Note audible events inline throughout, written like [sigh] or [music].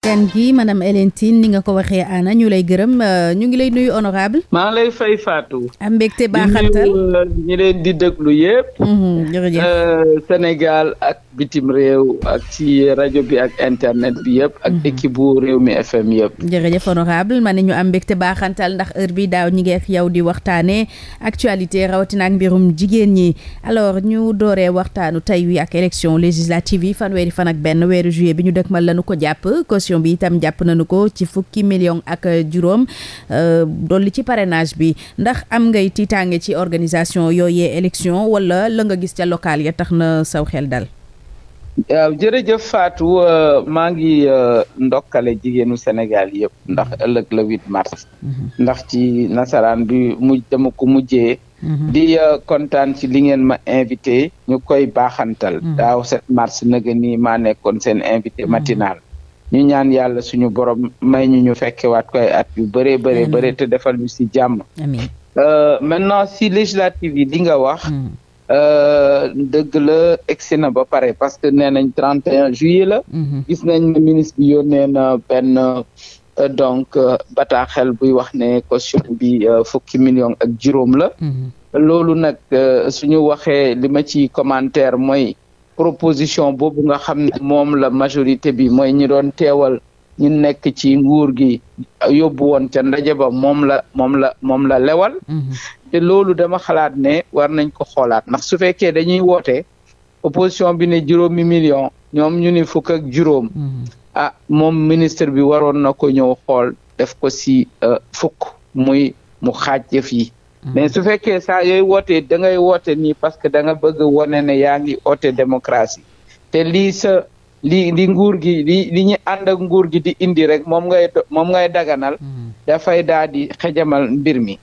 gan gi madame Hélène ni nga ko waxee ana ñu lay gërëm euh, ñu ngi lay nuyu honorable maa lay fay Fatou am mbégte baaxantal euh, ñi leen di déglu yëpp mm-hmm, jërëjëf euh, Sénégal ak bitim réew ak ci rajo bi ak internet bi yëpp ak mm-hmm. équipe bu réew mi FM yëpp jërëjëf honorable ma ñu am mbégte baaxantal ndax heure bi daaw ñi ngi ak yow di waxtaane actualité rawatina ak mbirum jigéen ñi alors ñu dooree waxtaanu tey wi ak élection législative yi fanweeri fan ak benn weeru juillet bi ñu dëkmal lañu ko jàpp subvention bi itam jàpp nañu ko ci fukki million ak juróom euh, dolli ci parenage bi ndax am ngay tiitaange ci organisation yooyee élection wala la nga gis ca local ya tax na saw xel dal waaw jërëjëf Fatou euh, maa ngi euh, ndokkale jigéenu Sénégal yëpp ndax mm-hmm. ëllëg le huit mars mm-hmm. ndax ci nasaraan bi mujj dama ko mujjee mm-hmm. di kontaan ci li ngeen ma invité ñu koy baaxantal daaw sept mars naga nii maa nekkoon seen invité matinal ñu ñaan yàlla suñu borom may ñu ñu fekkewaat koy at yu bëree bëree bëri te defal ñu si jàmm euh, maintenant si législative yi li nga wax hmm. euh, dëgg la egsi na ba pare parce que nee nañ 31 juillet la hmm. gis nañ ne ministre bi yónnee na benn euh, donc bataaxel buy wax ne caution bi fukki million ak juróom la hmm. loolu nag suñu waxee li commentaire mooy proposition boobu nga xam ne moom la majorité bi mooy ñi doon teewal ñu nekk ci nguur gi yóbbu woon ca ndaje ba moom la moom la moom la lewal mhm. te loolu dama xalaat ne war nañ ko xoolaat ndax su fekkee dañuy woote opposition bi ne juróomi million ñoom ñu ni fukk ak juróom mhm. ah moom ministre bi waroon na ko ñëw xool def ko si euh, fukk muy mu xaaj yëf yi Mm-hmm. mais su fekkee saa yooyu wootee da ngay woote nii parce que da nga bëgg wone ne yaa ngi oote démocratie te lii sa li li nguur gi li li ñu ànd ak nguur gi di indi rek moom ngay moom ngay daganal mm-hmm. dafay daal di xejamal mbir mi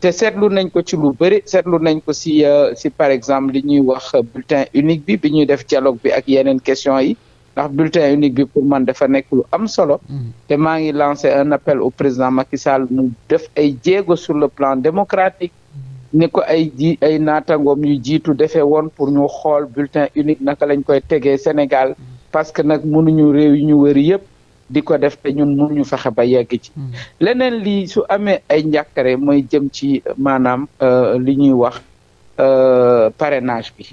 te seetlu nañ ko ci lu bëri seetlu nañ ko si euh, si par exemple li ñuy wax bulletin unique bi bi ñuy def dialogue bi ak yeneen question yi ndax bulletin unique bi pour man dafa nekk lu am solo. Mm-hmm. te maa ngi lancé un appel au président Macky Sall mu def ay jéego sur le plan démocratique. Mm-hmm. ni ko ay ji ay naatangoom yu jiitu defee woon pour ñu xool bulletin unique naka lañ koy tegee Sénégal mm-hmm. parce que nag mënuñu réew yi ñu wër yëpp di ko def te ñun ñu fexe ba yegg ci. leneen li su amee ay njàkkare mooy jëm ci maanaam euh, li ñuy wax euh, parrainage bi.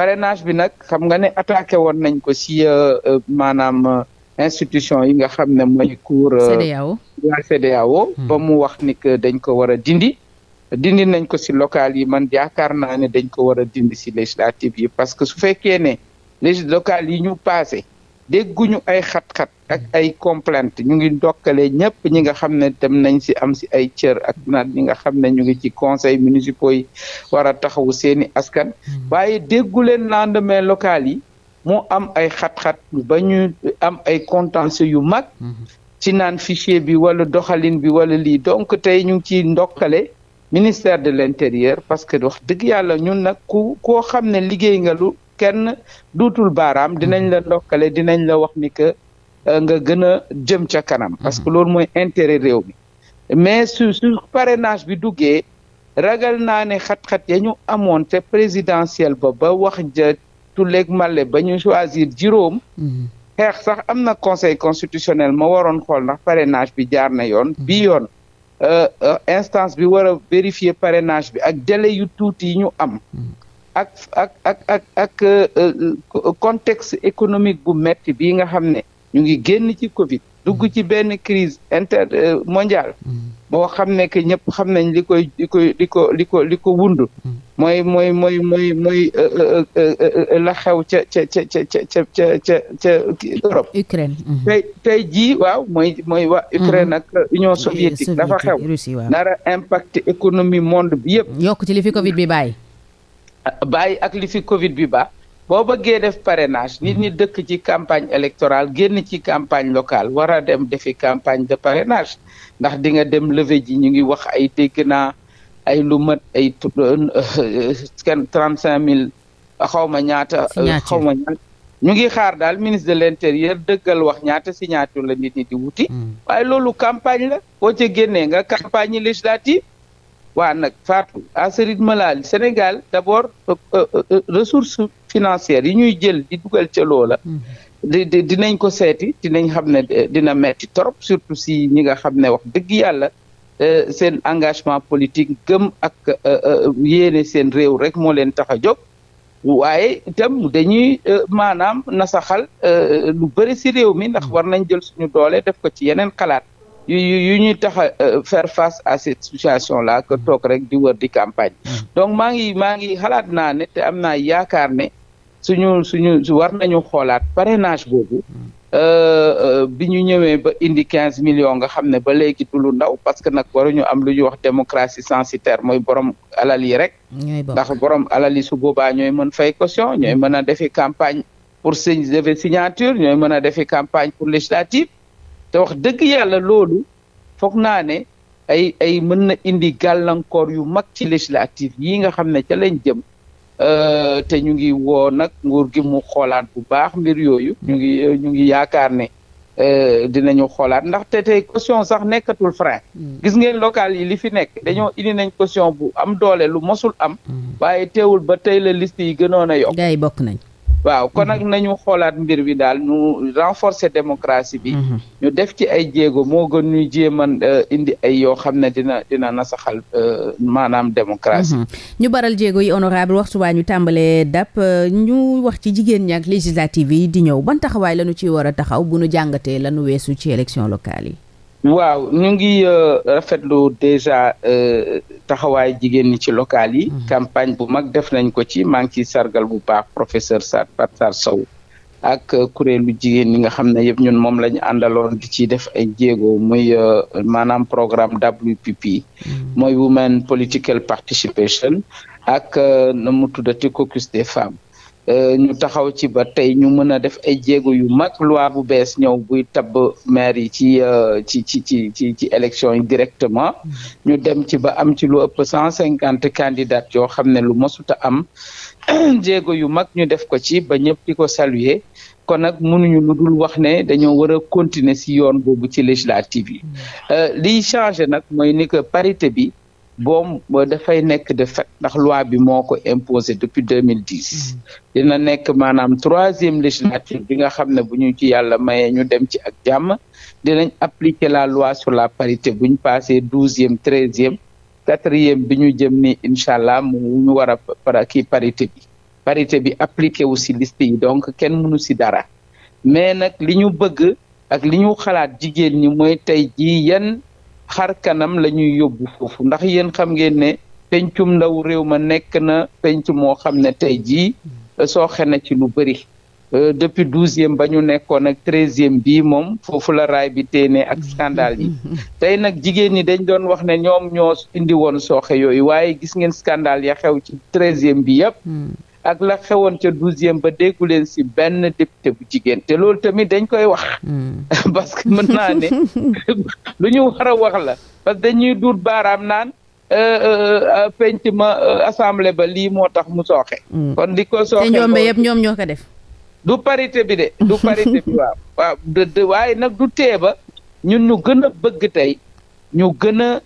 parrainage bi nag xam nga ne attaqué woon nañ ko si euh, euh, maanaam euh, institution yi nga xam ne mooy cour la CEDEAO hmm. ba mu wax ni que dañ ko war a dindi dindi nañ ko si local yi man yaakaar naa ne dañ ko war a dindi si législative yi parce que su fekkee ne législatives locales yi ñu passé dégguñu ay xat-xat ak ay complainte ñu ngi ndokkale ñëpp ñi nga xam ne dem nañ si am si ay cër ak naat ñi nga xam ne ñu ngi ci conseil municipaux yi war a taxawu seeni askan hmm. waaye déggu leen lendemain local yi moo am ay xat-xat ba ñu am ay contentieux yu mag hmm. ci naan fichier bi wala doxalin bi wala lii donc tey ñu ngi ciy ndokkale ministère de l'intérieur parce que wax dëgg yàlla ñun nag ku koo xam ne liggéey ngalu kenn duutul baaraam dinañ la ndokkale dinañ la wax ni que euh, nga gën a jëm ca kanam. parce que mm-hmm. loolu mooy intérêt réew mi. mais su su parenage bi duggee ragal naa ne xat-xat ya ñu amoon ca présidentielle ba ba wax ja tulleeg male ba ñu choisir juróom. Mm-hmm. xeex sax am na conseil constitutionnel ma waroon xool ndax parenage bi jaar na yoon. Mm-hmm. bi yoon euh, euh, instance bi war a vérifier parenage bi ak délai yu tuuti yi ñu am. ak ak ak ak ak euh, euh, contexte économique bu metti bii nga xam ne ñu ngi génn ci Covid dugg ci benn crise inter euh, mondiale moo mm. xam ne que ñëpp xam nañ li koy li koy li ko li ko li ko wund mm. mooy mooy mooy mooy mooy la xew ca ca ca ca ca ca ca ca Europe Ukraine mm-hmm. tey tey jii waaw mooy mooy waa mm-hmm. Ukraine ak Union soviétique dafa xew nara impacté économie monde bi yëpp yokk ci li fi Covid bi bàyyi bàyyi ak li fi Covid bi ba boo bëggee def parrainage nit ñi mm-hmm. dëkk ci campagne électorale génn ci campagne locale war a dem defi campagne de parrainage ndax di nga dem levée ji ñu ngi wax ay dégg ay lu mat ay euh, euh, euh, trente cinq mille xaw ma ñaata. xaw ma ñu ngi xaar daal ministre de l' intérieur dëggal wax ñaata signature la nit ñi di wuti. Mm. waaye loolu campagne la boo ca nga campagne législative. waa nag Fatou à ce rythme-là Sénégal d'abord euh, euh, euh, ressources financières yi ñuy jël di dugal ca loola di dinañ ko seeti dinañ xam ne dina metti trop surtout si ñi nga xam ne wax dëgg yàlla seen engagement politique gëm ak yéene seen réew rek moo leen tax a jóg waaye itam dañuy maanaam nasaxal lu bëri si réew mi ndax war nañ jël suñu doole def ko ci yeneen xalaat yu yu ñuy tax a euh, faire face à cette situation là que mm. toog rek di wër di campagne mm. donc maa ngi maa ngi xalaat naa ne te am naa yaakaar ne suñu suñu war nañu xoolaat parrainage boobu mm. euh, euh, bi ñu ñëwee ba indi quinze millions nga xam ne ba léegi lu ndaw parce que nag waruñu am lu ñuy wax démocratie censitaire mooy borom alal rek ndax borom alal yi su boobaa ñooy mën fay caution ñooy mën a defi campagne pour signer signature ñooy mën a defi campagne pour législative te wax dëgg yàlla loolu foog naa ne ay ay mën na indi gàllankoor yu mag ci législative yi nga xam ne ca lañ jëm euh, te ñu ngi woo nag nguur gi mu xoolaat bu baax mbir yooyu ñu ngi ñu ngi yaakaar ne euh, dinañu xoolaat ndaxte tey caution sax nekkatul frein mm. gis ngeen locale yi li fi nekk mm. dañoo indi nañ caution bu am doole lu mosul am mm. waaye teewul ba tey la liste yi gënoon a yokk day bokk nañ waaw kon nag mhm. nañu xoolaat mbir bi daal ñu renforcer démocratie bi. Mhm. ñu def ci ay jéego moo gën ñuy jéem a euh, indi ay yoo xam ne dina dina nasaxal euh, maanaam démocratie. Mhm. ñu baral jéego yi honorable waxtu waa ñu tàmbalee dap euh, ñu wax ci jigéen ñi ak législative yi di ñëw ban taxawaay la ñu ciy war a taxaw bu ñu jàngatee la weesu ci élection locale yi. waaw ñu ngi euh, rafetlu déjà euh, taxawaay jigéen ñi ci local yi. Mm-hmm. campagne bu mag def nañ ko ci maa ngi ciy sargal bu baax professeur Sar Patar Sow ak euh, kuréelu jigéen ñi nga xam ne yëpp ñun moom la ñu àndaloon di ci def ay jéego muy maanaam programme WPP. Mm-hmm. mooy Women Political Participation. ak na mu tuddati caucus des femmes. Euh, ñu taxaw ci ba tey ñu mën a def ay jéego yu mag loi bu bees ñëw buy tabb maire yi ci euh, ci ci ci ci ci élection yi directement ñu dem ci ba am ci lu ëpp cent cinquante candidats yoo xam ne lu mosuta am [clears throat] jéego yu mag ñu def ko ci ba ñëpp di ko saluer kon nag mënuñu lu dul wax ne dañoo war a continuer si yoon boobu ci législative yi euh, liy changé nag mooy ni parité bi boo dafay nekk de fait ndax loi bi moo ko imposé depuis deux mille dix mm-hmm. dina nekk maanaam troisième législature bi nga xam ne bu ñu ci yàlla mayee ñu dem ci ak jàmm dinañ appliquer la loi sur la parité bu ñu passé douzième treizième quatrième bi ñu jëm ni incha allah mu ñu war a para kii parité bi parité bi appliqué wu si liste yi donc kenn munu si dara mais nag li ñu bëgg ak li ñu xalaat jigéen ñi mooy tey jii yan xar kanam la ñuy yóbbu foofu ndax yéen xam ngeen ne pencum ndaw réew ma nekk na penc moo xam ne tey jii hmm. sooxe na ci lu bëri euh, depuis douzième ba ñu nekkoon ak treizième bii moom foofu la raay bi téenee ak scandale yi [laughs] tey nag jigéen ñi dañ doon wax ne ñoom ñoo indi woon sooxe yooyu waaye gis ngeen scandale ya xew ci treisième bi yëpp hmm. ak la xewoon ca douzième ba déggu leen si benn député bu jigéen te loolu tamit dañ koy wax. Hmm. [laughs] parce que mën naa ne [laughs] lu ñu war a la parce que dañuy duut baaraam naan euh, euh, euh, penc ma assemblée ba lii moo tax mu sooxe. Hmm. kon di ko sooxe te ñoom yëpp ñoom ñoo ko def. du parité bi de du parité bi waaw [laughs] waaw de waaye nag du tee ba ñun ñu gën a bëgg tey ñu gën a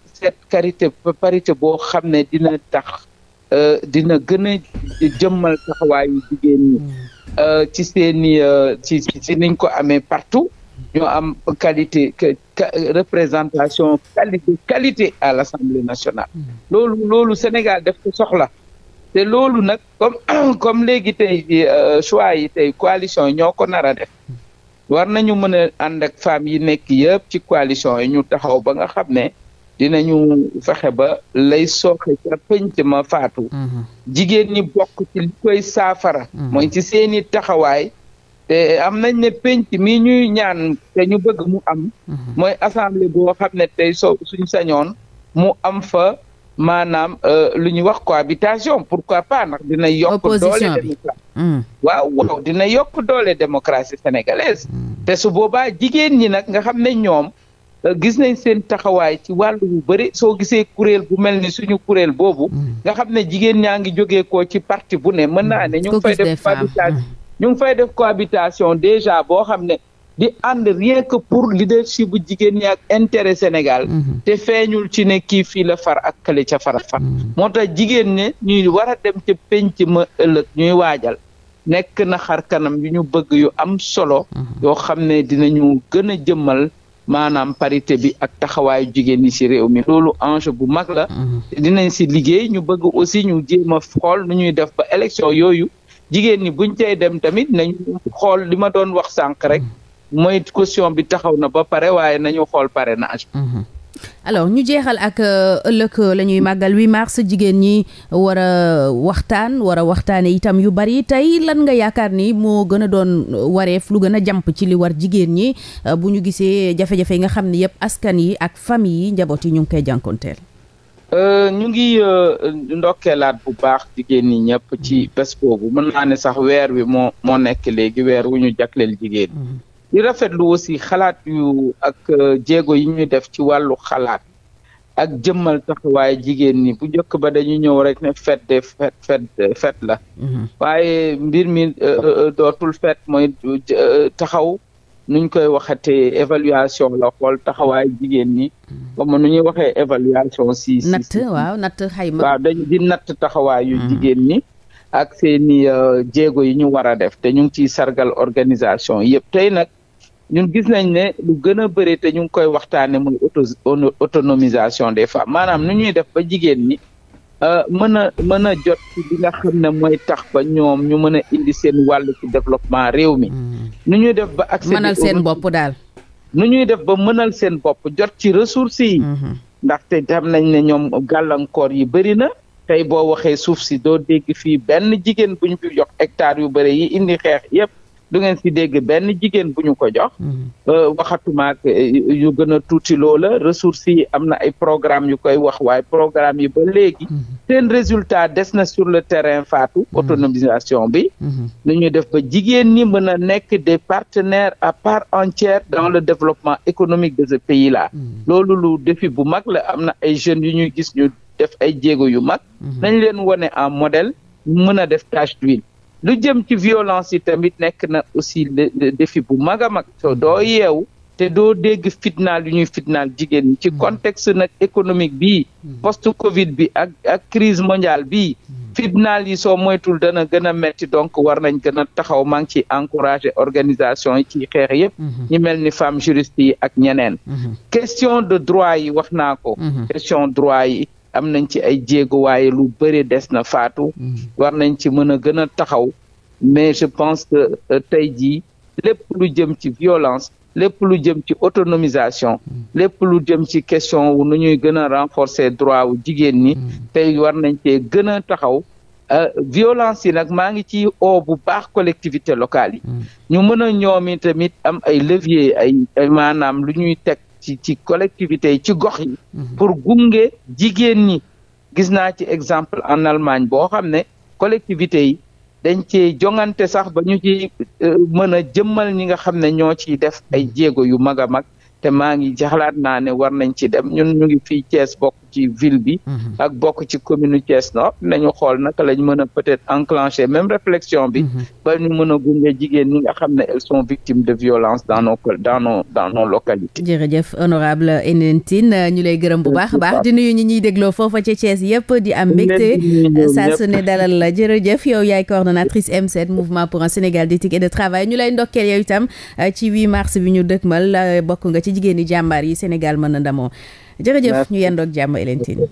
quarité karité parité boo xam ne dina tax. Euh, dina gën a jëmmal taxawaayu jigéen ñi mm. euh, euh, ci niñ ko amee partout ñoo am qualité représentation qualité qualité à l'Assemblée nationale mm. loolu loolu Sénégal def ko soxla te loolu nag comme [clears throat] comme léegi tey choix yi tey coalition yi ñoo ko nar a def mm. war nañu mën a ànd ak femmes yi nekk yëpp ci coalition yi ñu taxaw ba nga xam ne ñu fexe ba lay sooxe ca penc ma faatu mhm. jigéen ñi bokk ci li koy saafara mhm. mooy ci seeni taxawaay te am nañ ne penc mi ñuy ñaan te ñu bëgg mu am mhm. mooy assemblée boo xam ne tey soo suñ sañoon mu am fa maanaam euh, lu ñuy wax cohabitation pourquoi pas ndax dina yokk doole démocratie waaw waaw dina yokk doole démocratie sénégalaise te su boobaa jigéen ñi nag nga xam ne ñoom Euh, gis nañ seen taxawaay ci wàll bu bëri soo gisee kuréel bu mel ni suñu kuréel boobu hmm. nga xam ne jigéen ñaa ngi jógee ko ci parti bu ne mën hmm. naa ne ñu ngi fay def cohabitation hmm. ngi fay def cohabitation déjà boo xam ne di ànd rien que pour leadership bu jigéen ñi ak intérêt Sénégal te feeñul ci ne kii fii la far ak kële ca fara far moo tax jigéen ne ñuy war a dem ca penc ma ëllëg ñuy waajal nekk na xar kanam yu ñu bëgg yu am solo yoo xam ne dinañu gën a jëmmal maanaam parité bi ak taxawaayu jigéen ñi ci réew mi loolu enjeu bu mag la mhm. dinañ ci liggéey ñu bëgg aussi ñu jéem a xool nu ñuy def ba élection yooyu jigéen ñi buñ cay dem tamit nañ xool li ma doon wax sànq rek mhm. mooy costion bi taxaw na ba pare waaye nañu xool pare parrainage alors ñu jeexal ak euh, ëllëg euh, la ñuy màggal wi mars jigéen ñi war a waxtaan war a waxtaane itam yu bari tey lan nga yaakaar ni moo gën a doon euh, wareef lu gën a jàmp ci li war jigéen ñi bu ñu gisee jafe-jafe yi nga xam ne yëpp askan yi ak famille yi njaboot yi ñu ngi koy jànkonteel ñu ngi ndokkeelaat bu baax jigéen ñi ñëpp ci mm-hmm. bés boobu mën naa ne sax weer wi moo moo nekk léegi weer wu ñu jagleel jigéen di rafetlu aussi xalaat yu ak euh, jéego yi ñuy def ci wàllu xalaat ak jëmmal taxawaay jigéen ni bu njëkk ba dañu ñëw rek ne fête de la mhm. waaye mbir mi euh, euh, dootul fête mooy taxaw nuñ koy waxatee évaluation la xool taxawaay jigéen ñi mhm. comme nu ñuy waxee évaluation si si natt waaw natt xayma waaw dañ di natt taxawaay yu mhm. jigéen ñi ak seeni jéego yi ñu war a def te ñu ngi ciy sargal organisation yëpp tey nag ñun gis nañ ne lu gën a bëri te ñu ngi koy waxtaane muy auto autonomisation des femmes maanaam nu ñuy def ba jigéen ñi euh, mën a mën a jot ci li xam ne mooy tax ba ñoom ñu mën a indi seen wàll ci développement réew mi mm-hmm. nu ñuy def ba accès mënal seen bopp daal nu ñuy def ba mënal seen bopp jot ci ressources yi mm-hmm. ndaxte xam nañ ne ñoom gàllankoor yi bëri na tey boo waxee suuf si doo dégg fii benn jigéen bu ñu fi jox hectare yu bëri yi indi xeex yëpp du ngeen si dégg benn jigéen bu ñu ko jox. Mhm. Euh, waxatumaak euh, yu gën a tuuti loola ressources yi am na ay programmes yu koy wax waaye programme yi ba léegi. Mhm. seen résultat des na sur le terrain faatu. Mhm. autonomisation bi. nu ñuy def ba jigéen ñi mën a nekk des partenaires à part entière dans le développement économique de ce pays là. loolu lu défi bu mag la am na ay jeunes yu ñuy gis ñu def ay jéego yu mag. nañ leen wone en modèle mën a def tâche d'huile lu jëm ci violence yi tamit nekk na aussi le défi bu mag a mag soo doo yeewu te doo dégg fitnaal yu ñuy fitnaal jigéen ci hmm. contexte nag économique bi hmm. post covid bi ak ak crise mondiale bi hmm. fitnaal yi soo moytul dana gën a metti donc war nañ gën a taxaw maa ngi ciy encouragé organisation yi ci xeex yëpp ñi mel ni femme juriste yi ak ñeneen question de droit yi wax naa ko question droit yi am nañ ci ay jéego waaye lu bëri des na faatu. Hmm. war nañ ci mën a gën a taxaw. mais je pense que euh, tey jii lépp lu jëm ci violence lépp lu jëm ci autonomisation hmm. lépp lu jëm ci question wu nu ñuy gën a renforcer droit wu jigéen ñi hmm. tey war nañ cee gën a taxaw euh, violence yi nag maa ngi ci oo bu baax collectivité locale yi ñu mën ñoomi tamit am ay levier ay maanaam lu ñuy teg ci ci collectivités yi ci gox yi. Mhm. pour gunge jigéen ñi. gis naa ci exemple en Allemagne boo xam ne collectivités yi dañ ci jongante sax ba ñu ci euh, mën a jëmmal ñi nga xam ne ñoo ciy def ay mhm. jéego yu mag a mag. te maa ngi jaxlaat naa ne war nañ ci dem ñun ñu ngi fii Thiès bokk ci ville bi. Mhm. ak bokk ci commune Thiès Nord nañu xool naka lañ mën a peut-être enclencher même réflexion bi. Mhm. ba ñu mën a gunge jigéen ñi nga xam ne elles sont victimes de violence dans nos dans nos dans nos localités. jërëjëf honorable Hélène Tine ñu lay gërëm bu baax a baax di nuyu ñi ñuy dégloo foofa ci Thiès yëpp di am mbégte saa su ne dalal la jërëjëf yow yaay coordonnatrice M7 mouvement pour un Sénégal d'éthique de travail euh, bi ñu dëkkmal euh, bokk nga ci. jigéeni jàmbaar yi Sénégal mën a ndamoo jërëjëf ñu yendoog jàmm Hélène Tine